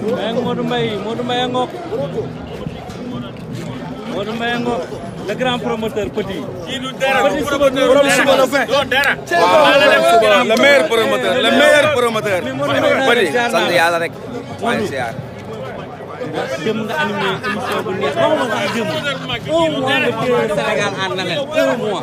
Mbaye Modou Mbaye Modou Mbaye Ngok Modou Mbaye Ngok le grand promoteur petit. kii du dara du promoteur dara le meilleur promoteur le meilleur promoteur. petit sant yàlla rek. jëm nga animé émission bu neex waxuma sax jëm un mois de Sénégal en un mois.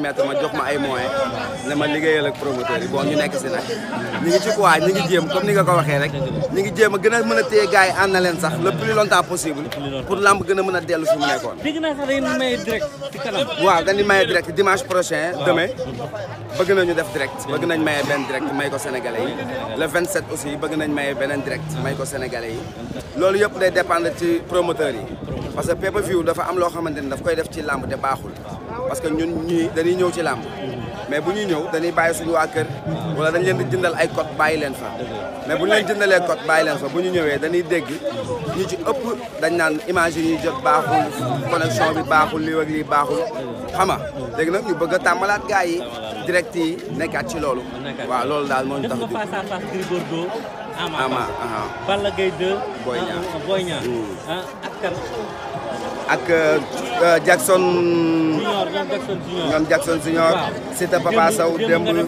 permettre ma jox ma ay moyens ne ma liggéeyal ak promoteurs yi bon ñu nekk si nag ñu ci quoi ñu jéem comme ni nga ko waxee rek ñu ngi jéem a gën a mën a téye gars yi na leen sax le plus longtemps possible pour lamb gën a mën a dellu fi mu nekkoon dégg naa sax dañuy maye direct ci kanam waaw dañuy maye direct dimanche prochain demain bëgg nañu def direct bëgg nañ maye benn direct may ko sénégalais yi le 27 aussi bëgg nañ maye beneen direct may ko sénégalais yi loolu yëpp day dépendre ci promoteurs yi parce que pay am loo xamante ni daf koy def ci lamb te baaxul parce que ñun ñi dañuy ñëw ci làmb mais bu ñuy ñëw dañuy bàyyi suñu waa kër wala dañ leen di jëndal ay code bàyyi leen fa mais bu ñu leen jëndalee code bàyyi leen fa bu ñu ñëwee dañuy dégg ñi ci ëpp dañ naan image yi ñuy jot baaxul connexion bi baaxul lii ak lii baaxul xam nga léegi nag ñu bëgg a tàmbalaat gars yi direct yi nekkaat ci loolu waaw loolu daal moo ñu tax Ama Balla Gaye mm. ah, ak euh, euh, Jackson. ñoom Jackson Junior. Siteu Papa Sow démb. Euh,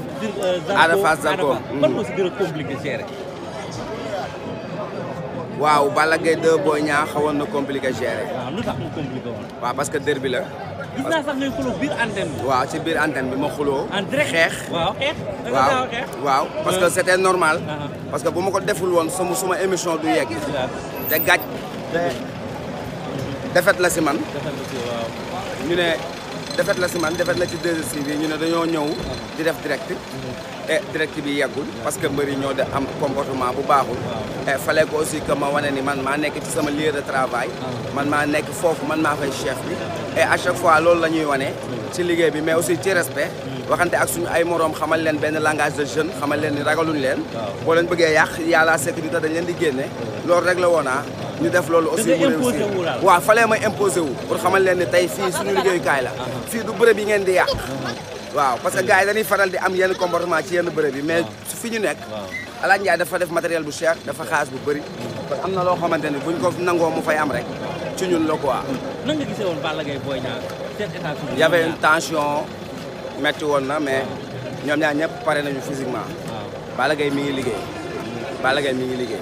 Ada Fass Zarko. man mm. moo waaw Balla Gaye 2 Boy Niang na compliqué gérer. waaw waaw parce que derby la. gis waaw ci biir antenne bi ma xuloo. en xeex. waaw parce que c'était normal. Ah, ah. parce que bu ma ko deful woon sama suma émission du yegg. te gàj. défaite la si man ñu ne défaite la si man defet la ci 2STV bi ñu ne dañoo ñëw di def direct mhm. Et eh, direct bi yagul parce que mbëri ñoo de am comportement bu baaxul et eh, fallait que aussi que ma wane ni man ma nekk ci sama lieu de travail ah. man ma nekk fofu man ma fay chef bi et eh, à chaque fois loolu la ñuy wane ci liggéey bi mais aussi ci respect mm. waxante ak suñu ay morom xamal leen ben langage de jeune xamal leen ni ragaluñ leen bo leen bëggee yàq la sécurité dañ leen di génne mm. loolu rek la wona ah ñu def loolu aussi mu réussir waaw falee may imposé wu pour xamal leen ne tey fii suñu liggéeyukaay la fii du bërëb yi ngeen di yàq waaw parce que gars yi dañuy faral di am yenn comportement ci yenn bërëb yi mais su fi ñu nekk Alaaji Ndiaye dafa def matériel bu cher dafa xaas bu bëri parce que am na loo xamante ni buñ ko nangoo mu fay am rek ci ñun la quoi nan nga gisee woon Bala Gaye Boy Niang seen état y avait une tension metti woon na mais ñoom ñaar ñëpp pare nañu physiquement Bala Gaye mi ngi liggéey Bala Gaye mi ngi liggéey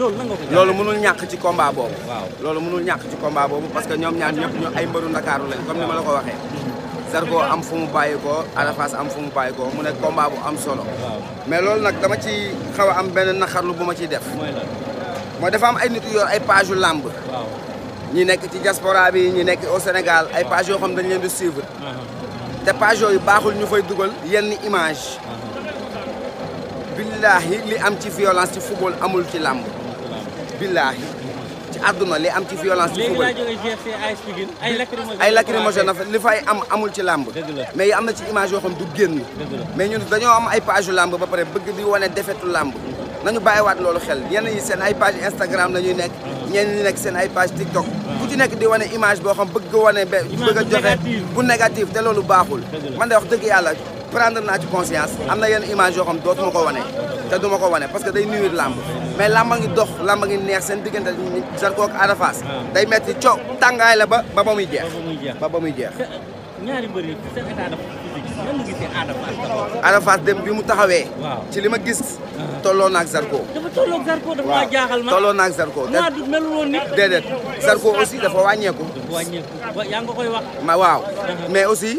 loolu mënul ñàkk ci combat boobu loolu mënul ñàkk ci combat boobu parce que ñoom ñaar ñëpp ñu ay mbëru ndakaaru lañ comme ni ma la ko waxee Zarko am fu mu bàyyi ko Ada Fass am fu mu bàyyi ko mu ne combat bu am solo mais loolu nag dama ci xaw a am benn naxarlu bu ma ciy def mooy dafa am ay nit yu ay page làmb ñi nekk ci diaspora bi ñi nekk au Sénégal ay page yoo xam dañ leen di suivre uh-huh. te page yooyu baaxul ñu fay dugal yenn image uh-huh. billaahi li am ci violence ci football amul ci làmb billaahi ci àdduna li am ci violence ci football ay lacrymogène na fa li fay am amul ci làmb mais yi am na ci image yoo xam du génn mais ñun dañoo am ay page làmb ba pare bëgg di wane defetu làmb nañu bàyyiwaat loolu xel yenn yi seen ay page Instagram la ñuy nekk ñenn ñi nekk seen ay page TikTok ku ci nekk di wane image boo xam bëgg wane be bëgg a joxe bu négatif te loolu baaxul man de wax dëgg yàlla prendre na ci conscience amna na image yo xam dootuma ko wone te duma ko wone parce que day nuyu lamb mais lamb ngi dox lamb ngi neex digënde sen Zarko ak Ada day metti coow tangay la ba ba bamuy jeex ba bamuy jeex ñaari mbër yi état de physique Ada Ada dem bi mu taxawé ci lima gis ah. tolo nak Zarko dafa tolo ak Zarko dafa maa jaaxal ma tolo nak Zarko maa du melul nit dedet Zarko aussi dafa wàññeeku wàññeeku yaa nga koy wax ma waaw ah. mais aussi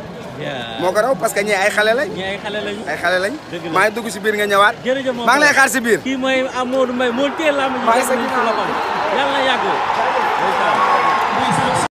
moo ko raw parce que ñii ay xale lañ. ñii ay xale lañ ay maa ngi dugg si biir nga ñëwaat. jërëjëf maa ngi lay xaar si biir. kii mooy Modou Mbaye moo teel laa ma. maa ngi sëñ bi yàlla